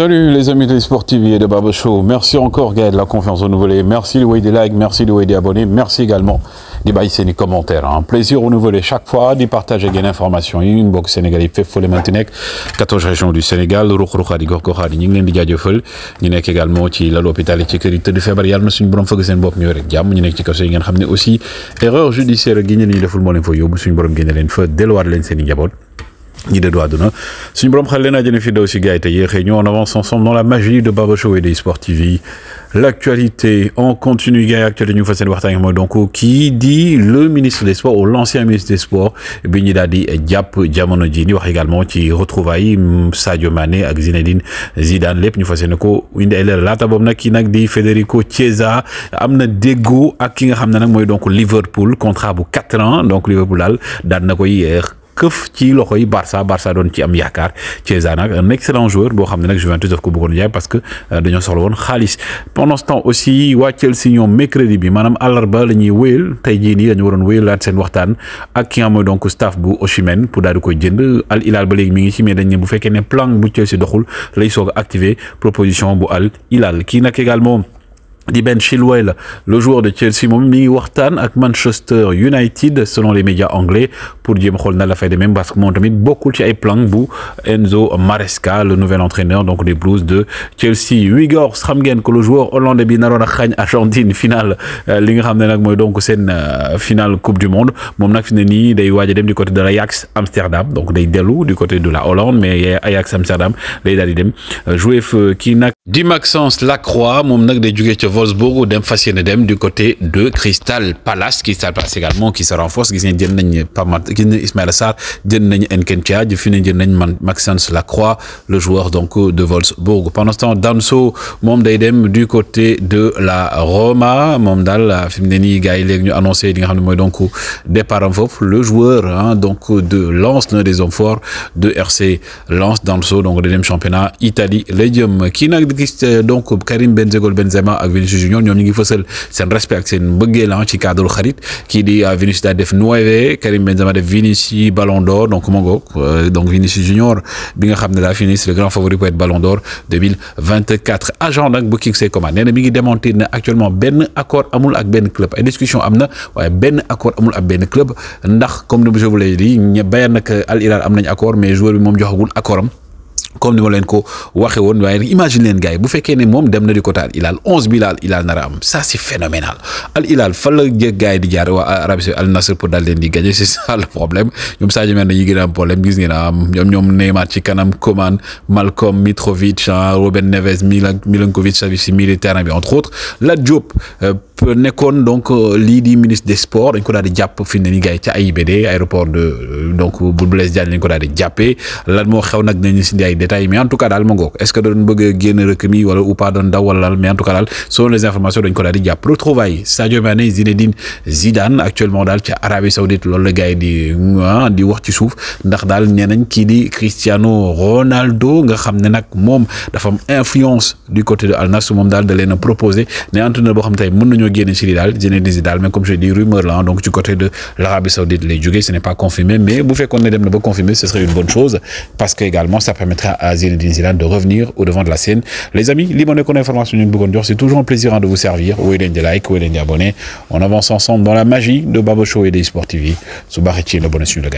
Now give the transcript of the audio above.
Salut les amis de sportifs et de Barbe Show. Merci encore Gaël de la confiance renouvelée. Merci le des likes, merci le des abonnés, merci également des bails des commentaires. Un hein. plaisir renouvelé chaque fois de partager des informations. Une box sénégalaise fait folle maintenant. 14 régions du Sénégal, Roukrouka, Gorkoka, Ninglen, Diadjofel, Ninek également, qui à l'hôpital et qui est de février, mais une bonne fois que c'est une bonne mieux gamme. Ninek qui est en train aussi erreur judiciaire, Guinée, le football info, Yob, c'est une bonne gamme, l'enfeu, Deloar, l'enseigne, Diabol ñi déddu àdduna suñu borom xel leen ajane fi daw si gars yi te on avance ensemble dans la magie de Baba Show et de Sport TV l'actualité en continu gars yi actualité ñu fas yéene waxtaan mooy donc qui dit le ministre des sports ou l'ancien ministre des sports bi ñu daal di jàpp jamono ji ni wax également ci retrouvailles Sadio Mané avec Zinedine Zidane lépp ñu fas yéene ko indi ay leer laata boobu nag kii nag di Federico Chiesa Amna na déggoo ak ki nga donc Liverpool contrat bu quatre ans donc Liverpool daal daan na koy këf ci loxoy Barça Barça doon ci am yakar Chiesa nag un excellent joueur bo xam ne Juventus daf ko bëggoon jaay parce que euh, dañu soxla won khalis pendant ce temps aussi wa Chelsea ñoom mercredi bi maanaam àllarba la ñuy wéyal tey jii nii dañu waroon wéyalaat waxtaan ak ki am donc staff bu Osimhen pour daal di jënd Al Hilal ba léegi mi ngi ci mais dañ ne bu fekkene plan bu Chelsea doxul lay soog activer proposition bu Al Hilal ki nak également dit Ben Chilwell, le joueur de Chelsea moom Wartan avec Manchester United selon les médias anglais pour jéem xool la la fait même, parce que mon tamit bokkul ci ay plan pour Enzo Maresca le nouvel entraîneur donc des Blues de Chelsea Uyghur Sramgen que le joueur hollandais bi naroon a Argentine finale euh, li nga xam ne nag donc euh, finale coupe du monde Mon nag des ne du côté de l'Ajax Amsterdam donc des Delou du côté de la Hollande mais Ajax Amsterdam day daal dem euh, jouer kii Lacroix Nak day Wolfsburg dem dem du côté de Crystal Palace Crystal Palace également qui se renforce gis ngeen jënd nañ Pape ismaël nañ Ismaïla Sarr jeun nañ Nketia ji fi jeun nañ Maxence Lacroix le joueur donc de Wolfsburg pendant ce temps Danso mom day dem du côté de la Roma mom dal la ni ne nii ñu annoncé li nga xam moy donc départ le joueur hein, donc de Lens l'un des hommes forts de RC Lens Danso donc le championnat Italie lay qui n'a donc Karim Benzema Benzema avec Vinicius Junior ñom ñi ngi c'est seen respect ak seen lan ah, ci cadre xarit ki di euh, Vinicius da def nueve Karim Benzema def Vinicius Ballon d'Or donc mo ngoog euh, donc Vinicius Junior bi nga xamné ne daal Vinicius le grand favori pour être Ballon d'Or 2024 agent nak bu Kingsley Coman nee na mi ngi démentir ne actuellement ben accord amul ak ben club ay discussion amna na ben accord amul ak ben club ndax comme je vous l'ai dit Bayern nak Al Hilal am nañ accord mais joueur bi mom joxagul accord comme nous l'avons leen ko imagine gars bu dem ça c'est phénoménal al Hilal fa la jëg di Al Nasr pour dal len di gagner ça le problème ñom sa a un problème gis ngeen am ñom Neymar Malcolm Mitrovic hein, Robin Neves Milankovic Savic militaire entre autres La Diop euh, nekon donc euh, lii di ministre des sports dañ ko daal di jàpp fi ne ni gay ci AIBD aéroport de euh, donc bu Blaise Diagne lañ ko daal di jàppee lan moo xew nak nañu si ay détails mais en tout cas daal mo ngok est-ce que doon bëgg génn rek mi wala ou pas doon daw mais en tout cas daal selon les informations dañ ko daal di jàpp retrouvailles Sadio Mané Zinedine Zidane actuellement daal ci Arabie Saoudite loolu le gars di ah, di wax ci souf ndax daal nee nañ di Cristiano Ronaldo nga xamné nak mom dafa am influence du côté de Al Nassr mom daal da leen proposer né entraîneur bo xam tay mën ñoo génne si mais comme je dis rumeur là donc du côté de l'Arabie Saoudite Les jógee ce n'est pas confirmé mais vous faites ait dem na confirmer ce serait une bonne chose parce que également ça permettra à Zinedine Zidane de revenir au devant de la scène les amis li ma nekkoon information ñu bëggoon jox c'est toujours un plaisir hein, de vous servir wooyu leen di like ou a des abonnés. on avance ensemble dans la magie de Babo Show et des Sport TV su baaxee ci la bonne suñu